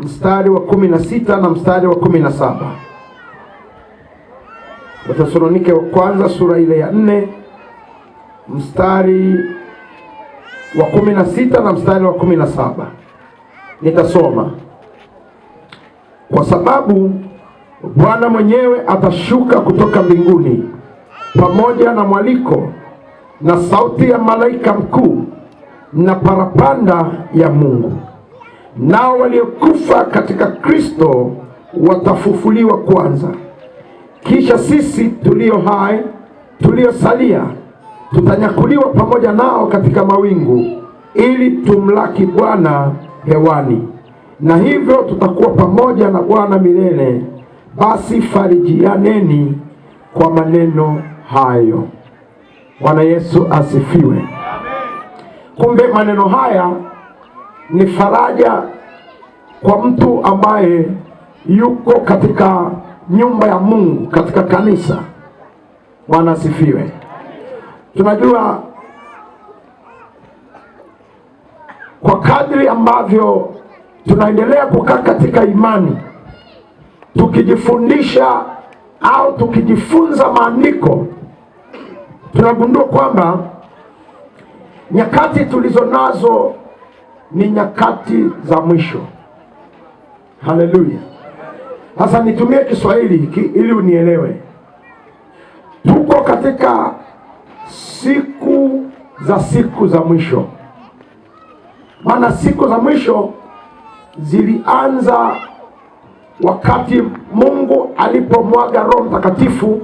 mstari wa kumi na sita na mstari wa kumi na saba Wathesalonike wa kwanza sura ile ya nne mstari wa kumi na sita na mstari wa kumi na saba Nitasoma. Kwa sababu Bwana mwenyewe atashuka kutoka mbinguni pamoja na mwaliko na sauti ya malaika mkuu na parapanda ya Mungu nao waliokufa katika Kristo watafufuliwa kwanza, kisha sisi tulio hai tuliosalia tutanyakuliwa pamoja nao katika mawingu, ili tumlaki Bwana hewani, na hivyo tutakuwa pamoja na Bwana milele. Basi farijianeni kwa maneno hayo. Bwana Yesu asifiwe. Amen. Kumbe maneno haya ni faraja kwa mtu ambaye yuko katika nyumba ya Mungu, katika kanisa. Bwana asifiwe. Tunajua kwa kadri ambavyo tunaendelea kukaa katika imani, tukijifundisha au tukijifunza maandiko, tunagundua kwamba nyakati tulizo nazo ni nyakati za mwisho. Haleluya. Sasa nitumie Kiswahili hiki ili unielewe. Tuko katika siku za siku za mwisho, maana siku za mwisho zilianza wakati Mungu alipomwaga Roho Mtakatifu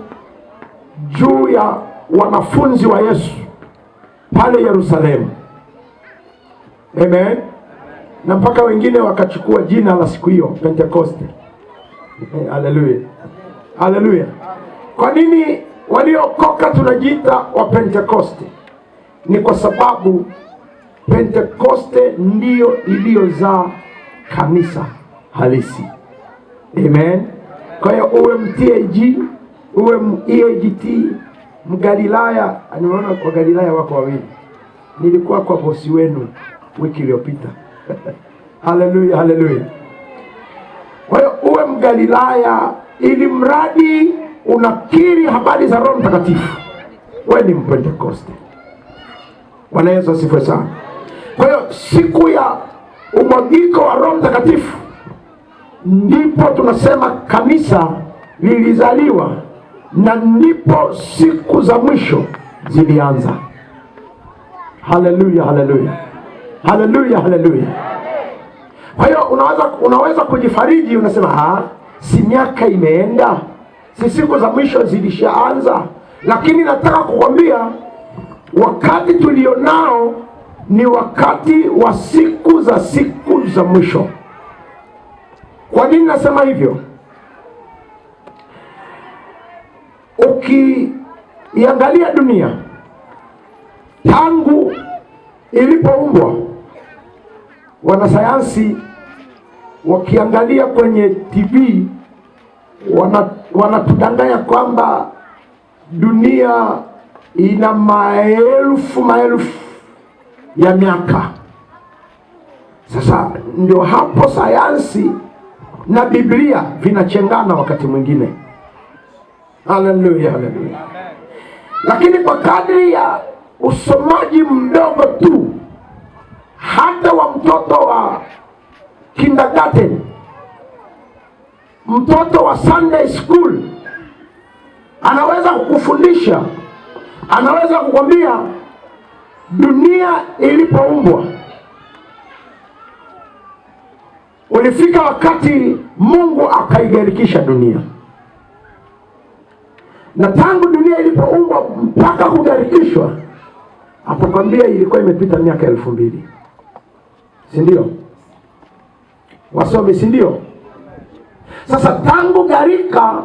juu ya wanafunzi wa Yesu pale Yerusalemu. Amen na mpaka wengine wakachukua jina la siku hiyo Pentekoste. Eh, haleluya, haleluya. Kwa nini waliokoka tunajiita wa Pentekoste? Ni kwa sababu Pentekoste ndiyo iliyozaa kanisa halisi. Amen. Kwa hiyo uwe mtag uwe magt e Mgalilaya, nimeona kwa Galilaya wako wawili, nilikuwa kwa bosi wenu wiki iliyopita Haleluya, haleluya. Kwa hiyo uwe Mgalilaya ili mradi unakiri habari za Roho Mtakatifu, wewe ni Mpentekoste. Bwana Yesu asifiwe sana. Kwa hiyo siku ya umwagiko wa Roho Mtakatifu ndipo tunasema kanisa lilizaliwa na ndipo siku za mwisho zilianza. Haleluya, haleluya. Haleluya, haleluya. Kwa hiyo unaweza, unaweza kujifariji, unasema ha, ah, si miaka imeenda, si siku za mwisho zilishaanza. Lakini nataka kukwambia wakati tulionao ni wakati wa siku za siku za mwisho. Kwa nini nasema hivyo? Ukiangalia dunia tangu ilipoumbwa wanasayansi wakiangalia kwenye TV wanatudanganya wana kwamba dunia ina maelfu maelfu ya miaka. Sasa ndio hapo sayansi na Biblia vinachengana wakati mwingine. Haleluya, haleluya! Lakini kwa kadri ya usomaji mdogo tu hata wa mtoto wa kindergarten, mtoto wa Sunday school anaweza kukufundisha, anaweza kukwambia dunia ilipoumbwa ulifika wakati Mungu akaigarikisha dunia, na tangu dunia ilipoumbwa mpaka kugarikishwa, apokwambia ilikuwa imepita miaka elfu mbili si ndio? Wasomi si ndio? Sasa tangu gharika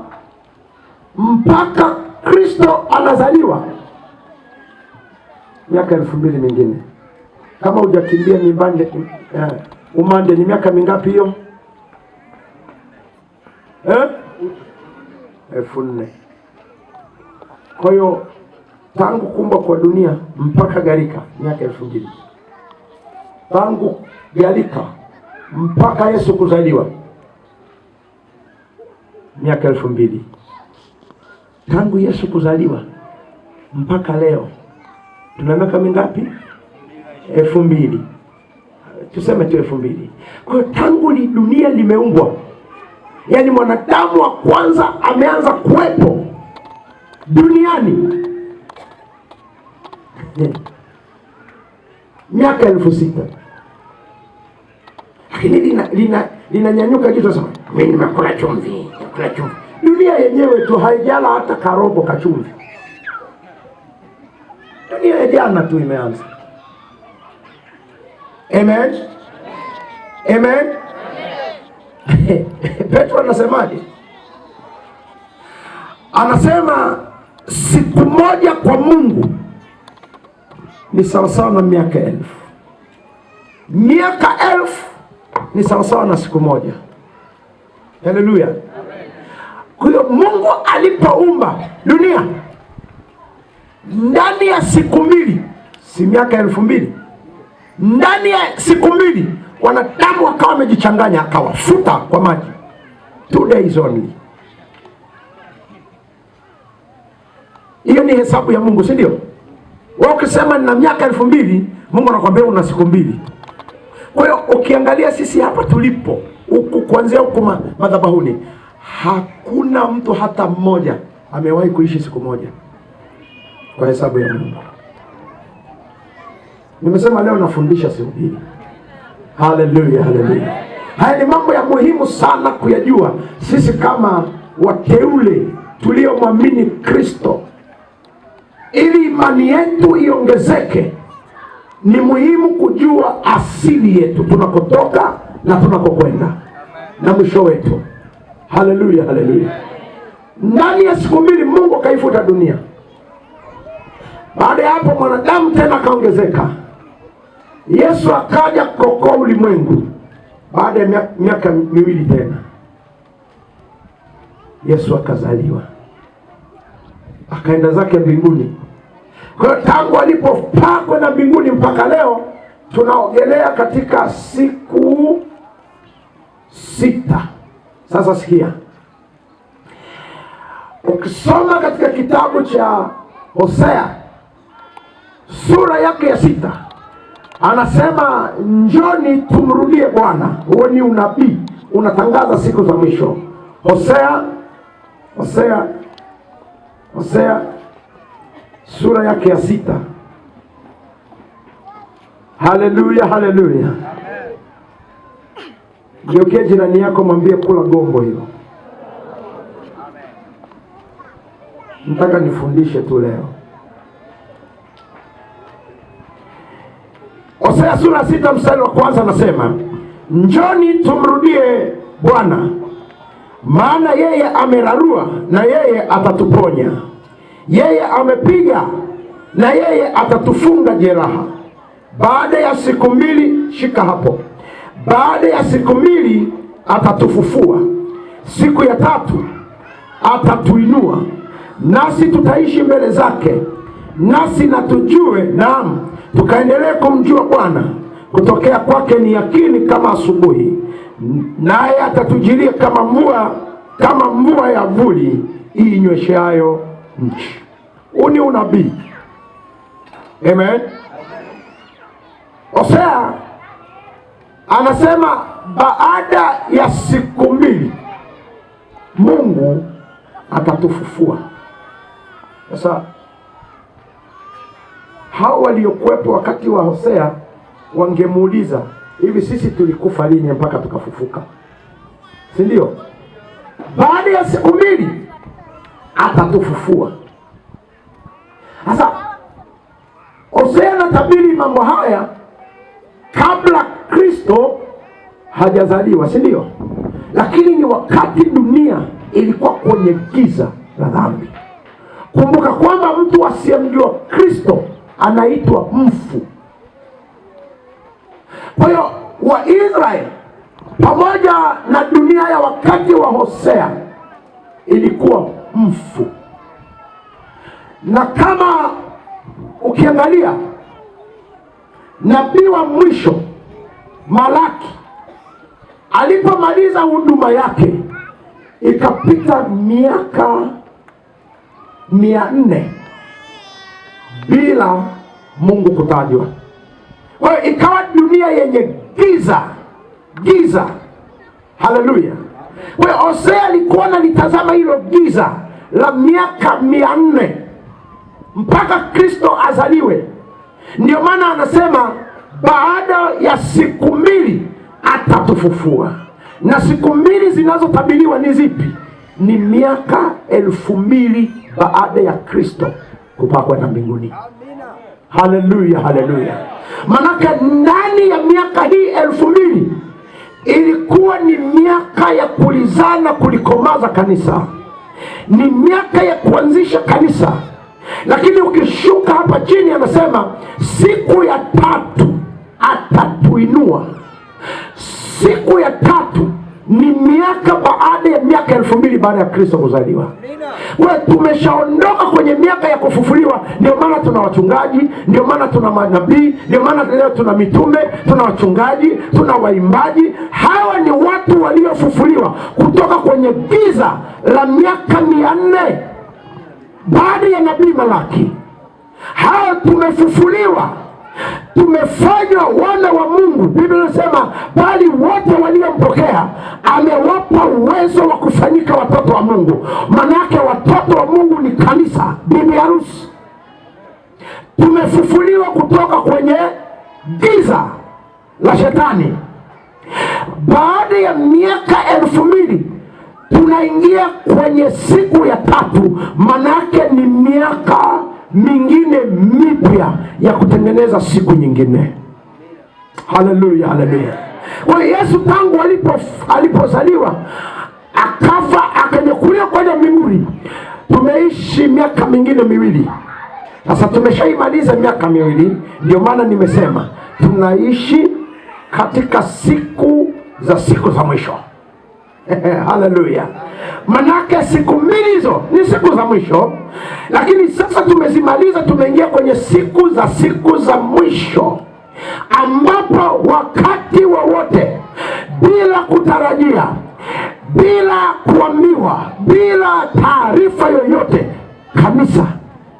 mpaka Kristo anazaliwa miaka elfu mbili mingine kama hujakimbia mibande eh, umande ni miaka mingapi hiyo eh? elfu nne. Kwa hiyo tangu kumbwa kwa dunia mpaka gharika miaka elfu mbili tangu Galika mpaka Yesu kuzaliwa miaka elfu mbili tangu Yesu kuzaliwa mpaka leo tuna miaka mingapi? elfu mbili tuseme tu elfu mbili Kwa hiyo tangu li dunia limeumbwa, yaani mwanadamu wa kwanza ameanza kuwepo duniani miaka elfu sita lakini lina, lina, linanyanyuka juu sasa, mimi nimekula chumvi, nimekula chumvi. Dunia yenyewe tu haijala hata karobo kachumvi, dunia ya jana tu imeanza. Amen, amen. Petro anasemaje? Anasema siku moja kwa Mungu ni sawasawa na miaka elfu, miaka elfu ni sawasawa na siku moja. Haleluya! Kwa Mungu alipoumba dunia ndani ya siku mbili, si miaka elfu mbili ndani ya siku mbili wanadamu wakawa wamejichanganya, akawafuta kwa maji, two days only. Hiyo ni hesabu ya Mungu, si ndio? Wewe ukisema nina miaka elfu mbili Mungu anakwambia una siku mbili. Kwa hiyo ukiangalia sisi hapa tulipo huku kuanzia huku madhabahuni, hakuna mtu hata mmoja amewahi kuishi siku moja kwa hesabu ya Mungu. Nimesema leo nafundisha siku hii. Haleluya, haleluya! Haya ni mambo ya muhimu sana kuyajua sisi kama wateule tuliomwamini Kristo, ili imani yetu iongezeke ni muhimu kujua asili yetu, tunakotoka na tunakokwenda na mwisho wetu. Haleluya, haleluya! Ndani ya siku mbili Mungu akaifuta dunia. Baada ya hapo, mwanadamu tena akaongezeka. Yesu akaja kokoa ulimwengu baada ya miaka miwili tena Yesu akazaliwa akaenda zake mbinguni. Kwa hiyo tangu alipopaa kwenda mbinguni mpaka leo tunaogelea katika siku sita. Sasa sikia, ukisoma katika kitabu cha Hosea sura yake ya sita anasema njoni tumrudie Bwana. Huo ni unabii unatangaza siku za mwisho. Hosea, Hosea, Hosea sura yake ya sita. Haleluya, haleluya. Geukia jirani yako, mwambie kula gombo hilo. Nataka nifundishe tu leo. Hosea sura sita mstari wa kwanza anasema, njoni tumrudie Bwana, maana yeye amerarua na yeye atatuponya yeye amepiga na yeye atatufunga jeraha. Baada ya siku mbili, shika hapo, baada ya siku mbili atatufufua, siku ya tatu atatuinua, nasi tutaishi mbele zake, nasi natujue, naam, tukaendelee kumjua Bwana. Kutokea kwake ni yakini kama asubuhi, naye atatujilia kama mvua, kama mvua ya vuli iinyweshayo huu ni unabii. Amen. Hosea anasema baada ya siku mbili Mungu atatufufua. Sasa hao waliokuwepo wakati wa Hosea wangemuuliza hivi, sisi tulikufa lini mpaka tukafufuka? Si ndio? Baada ya siku mbili atatufufua kufufua. Sasa Hosea anatabiri mambo haya kabla Kristo hajazaliwa, si ndio? Lakini ni wakati dunia ilikuwa kwenye giza la dhambi. Kumbuka kwamba mtu asiyemjua Kristo anaitwa mfu. Kwa hiyo Waisraeli pamoja na dunia ya wakati wa Hosea ilikuwa mfu. Na kama ukiangalia nabii wa mwisho Malaki alipomaliza huduma yake, ikapita miaka mia nne bila Mungu kutajwa. Kwa hiyo ikawa dunia yenye giza giza. Haleluya! Kwa hiyo Hosea alikuwa analitazama hilo giza la miaka mia nne mpaka Kristo azaliwe. ndio maana anasema baada ya siku mbili atatufufua, na siku mbili zinazotabiriwa ni zipi? Ni miaka elfu mbili baada ya Kristo kupaa kwenda mbinguni. Haleluya, haleluya! Manake ndani ya miaka hii elfu mbili ilikuwa ni miaka ya kulizana, kulikomaza kanisa ni miaka ya kuanzisha kanisa, lakini ukishuka hapa chini anasema siku ya tatu atatuinua. Siku ya tatu ni miaka baada ya miaka elfu mbili baada ya Kristo kuzaliwa. We tumeshaondoka kwenye miaka ya kufufuliwa. Ndio maana tuna wachungaji, ndio maana tuna manabii, ndio maana leo tuna mitume, tuna wachungaji, tuna waimbaji. Hawa ni waliofufuliwa kutoka kwenye giza la miaka mia nne baada ya nabii Malaki. Hao tumefufuliwa, tumefanywa wana wa Mungu. Biblia inasema bali wote waliompokea amewapa uwezo wa kufanyika watoto wa Mungu. manayake watoto wa Mungu ni kanisa, bibi harusi. Tumefufuliwa kutoka kwenye giza la shetani baada ya miaka elfu mbili tunaingia kwenye siku ya tatu, manake ni miaka mingine mipya ya kutengeneza siku nyingine. Haleluya, haleluya! Kwa hiyo Yesu tangu alipo alipozaliwa akafa akanyakulia kwenda mbinguni, tumeishi miaka mingine miwili. Sasa tumeshaimaliza miaka miwili, ndio maana nimesema tunaishi katika siku za siku za mwisho. Haleluya! Manake siku mbili hizo ni siku za mwisho, lakini sasa tumezimaliza, tumeingia kwenye siku za siku za mwisho, ambapo wakati wowote wa bila kutarajia, bila kuambiwa, bila taarifa yoyote, kanisa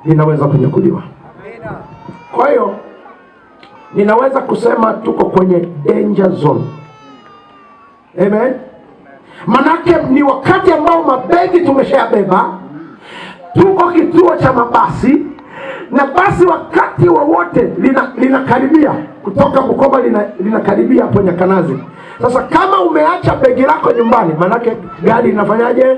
linaweza kunyakuliwa. Kwa hiyo ninaweza kusema tuko kwenye danger zone. Amen. Manake ni wakati ambao mabegi tumeshayabeba, tuko kituo cha mabasi na basi wakati wowote wa linakaribia, lina kutoka Bukoba linakaribia lina hapo Nyakanazi. Sasa kama umeacha begi lako nyumbani, manake gari linafanyaje?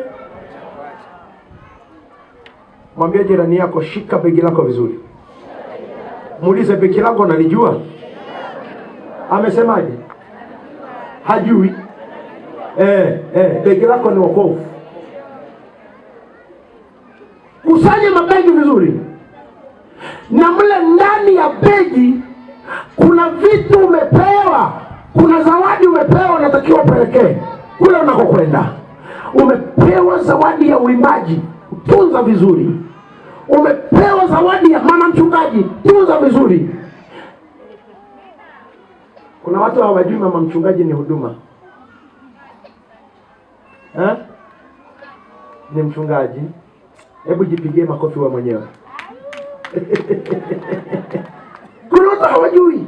Mwambie jirani yako, shika begi lako vizuri muulize beki lako nalijua. Amesemaje? Hajui eh, eh, beki lako ni wokovu. Kusanye mabegi vizuri, na mle ndani ya begi kuna vitu umepewa, kuna zawadi umepewa, unatakiwa upelekee kule unakokwenda. Umepewa zawadi ya uimbaji, tunza vizuri umepewa zawadi ya mama mchungaji, tunza vizuri. Kuna watu hawajui mama mchungaji ni huduma ha? Ni mchungaji. Hebu jipigie makofi wewe mwenyewe. Kuna watu hawajui,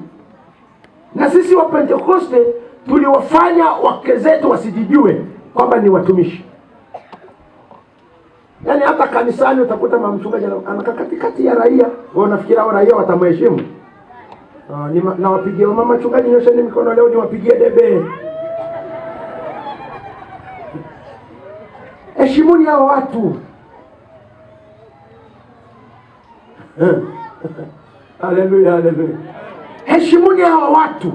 na sisi wa Pentekoste tuliwafanya wake zetu wasijijue kwamba ni watumishi. Yaani hata kanisani utakuta mama mchungaji anakaa katikati ya raia. wao nafikiri hao raia watamheshimu? Ah, ni nawapigia mama mchungaji, nyosheni mikono leo niwapigie debe. Heshimuni hao watu. Haleluya, haleluya. Heshimuni hawa watu.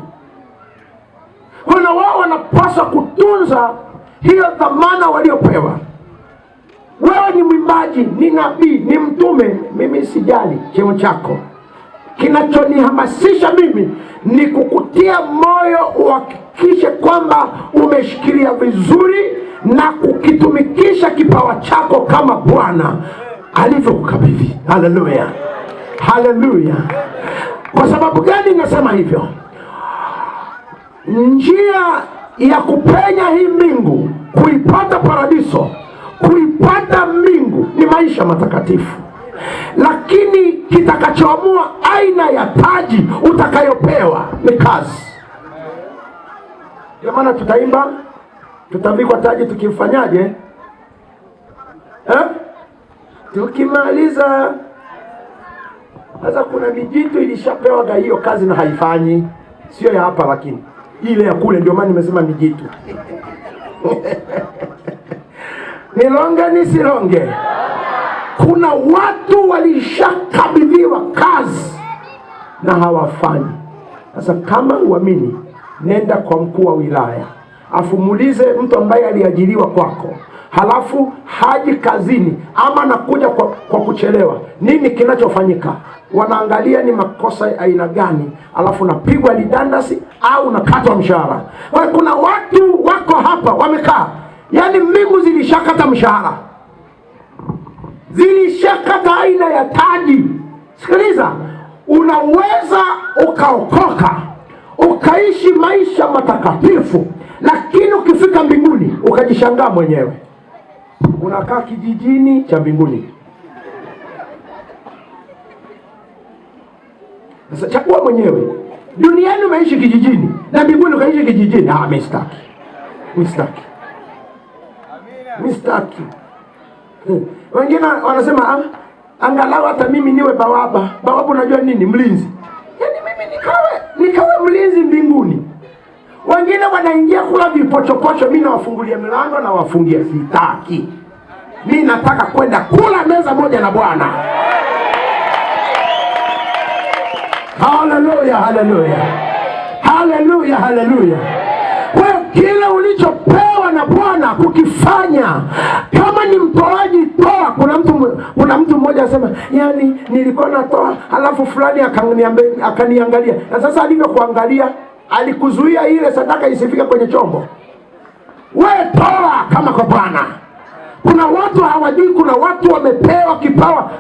Kuna wao wanapaswa kutunza hiyo dhamana waliopewa. Wewe ni mwimbaji, ni nabii, ni mtume, mimi sijali cheo chako. Kinachonihamasisha mimi ni kukutia moyo uhakikishe kwamba umeshikilia vizuri na kukitumikisha kipawa chako kama Bwana alivyokabidhi. Haleluya, haleluya. Kwa sababu gani nasema hivyo? Njia ya kupenya hii mbingu kuipata paradiso kuipata mbingu ni maisha matakatifu, lakini kitakachoamua aina ya taji utakayopewa ni kazi. Ndio maana tutaimba, tutavikwa taji tukifanyaje eh? Tukimaliza sasa, kuna mijitu ilishapewaga hiyo kazi na haifanyi, sio ya hapa, lakini ile ya kule. Ndio maana nimesema mijitu nilonge nisilonge, kuna watu walishakabidhiwa kazi na hawafanyi. Sasa kama uamini, nenda kwa mkuu wa wilaya afumulize mtu ambaye aliajiriwa kwako, halafu haji kazini ama anakuja kwa, kwa kuchelewa. Nini kinachofanyika? Wanaangalia ni makosa ya aina gani, alafu napigwa lidandasi au nakatwa mshahara. Kuna watu wako hapa wamekaa Yaani mbingu zilishakata mshahara, zilishakata aina ya taji. Sikiliza, unaweza ukaokoka ukaishi maisha matakatifu, lakini ukifika mbinguni ukajishangaa mwenyewe, unakaa kijijini cha mbinguni. Sasa chagua mwenyewe, duniani umeishi kijijini na mbinguni ukaishi kijijini. Ah, mistaki mistaki mistaki Wengine wanasema angalau hata mimi niwe bawaba. Bawaba unajua nini? Mlinzi. Yaani mimi nikawe nikawe mlinzi mbinguni. Wengine wanaingia kula vipochopocho, mimi nawafungulia milango na wafungia, sitaki. Mimi nataka kwenda kula meza moja na Bwana. Haleluya, haleluya. Haleluya, haleluya. Kwa kile ulichopewa kutoa na Bwana kukifanya kama ni mtoaji toa. Kuna mtu kuna mtu mmoja asema, yani nilikuwa natoa halafu fulani akaniangalia, na sasa alivyokuangalia alikuzuia ile sadaka isifike kwenye chombo. We toa kama kwa Bwana. Kuna watu hawajui, kuna watu wamepewa kipawa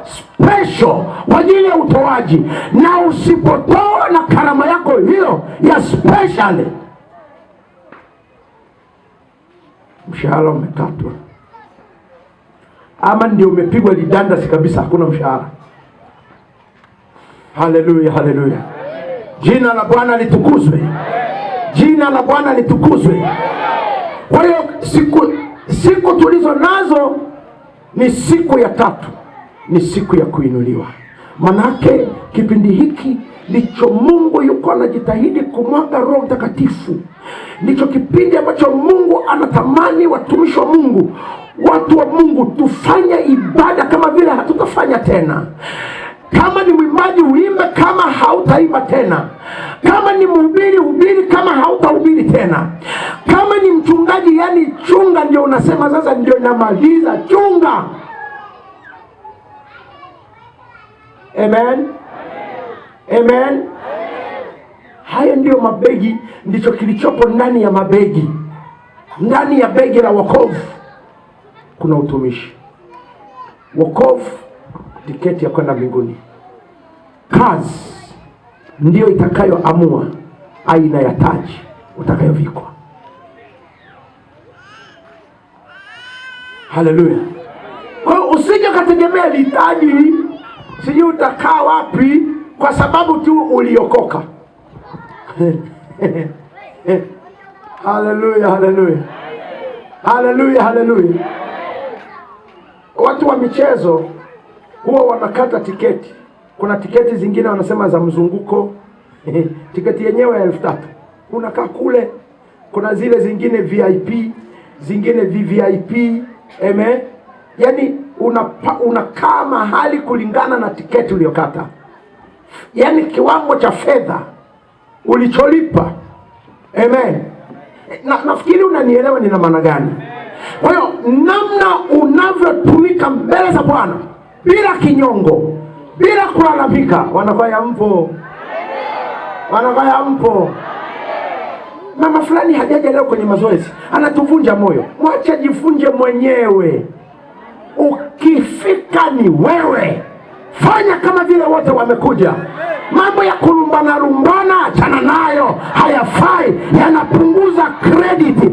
special kwa ajili ya utoaji, na usipotoa na karama yako hiyo ya special mshahara umekatwa, ama ndio umepigwa lidandasi kabisa, hakuna mshahara. Haleluya, haleluya! Jina la Bwana litukuzwe, jina la Bwana litukuzwe. Kwa hiyo siku siku tulizo nazo ni siku ya tatu, ni siku ya kuinuliwa, manake kipindi hiki ndicho Mungu yuko anajitahidi kumwaga Roho Mtakatifu. Ndicho kipindi ambacho Mungu anatamani watumishi wa Mungu, watu wa Mungu tufanye ibada kama vile hatutafanya tena. Kama ni mwimbaji uimbe kama hautaimba tena. Kama ni mhubiri ubiri kama hautahubiri tena. Kama ni mchungaji, yani chunga, ndio unasema sasa, ndio inamaliza chunga. Amen. Amen. Haya ndiyo mabegi, ndicho kilichopo ndani ya mabegi. Ndani ya begi la wokovu kuna utumishi. Wokovu tiketi ya kwenda mbinguni. Kazi ndiyo itakayoamua aina ya taji utakayovikwa. Haleluya! Kwa hiyo usije ukategemea litaji, sijui utakaa wapi kwa sababu tu uliokoka. Haleluya, haleluya, haleluya, haleluya. Watu wa michezo huwa wanakata tiketi. Kuna tiketi zingine wanasema za mzunguko tiketi yenyewe ya elfu tatu unakaa kule. Kuna zile zingine VIP, zingine VVIP, eme, yaani unakaa una mahali kulingana na tiketi uliyokata yaani kiwango cha fedha ulicholipa. Amen. Na nafikiri unanielewa nina maana gani. Kwa hiyo namna unavyotumika mbele za Bwana bila kinyongo, bila kulalamika. Wanavaya mpo, wanavaya mpo. Mama fulani hajaja leo kwenye mazoezi, anatuvunja moyo. Mwache ajifunje mwenyewe, ukifika ni wewe fanya kama vile wote wamekuja. Mambo ya kulumbana lumbana, achana nayo, hayafai, yanapunguza krediti.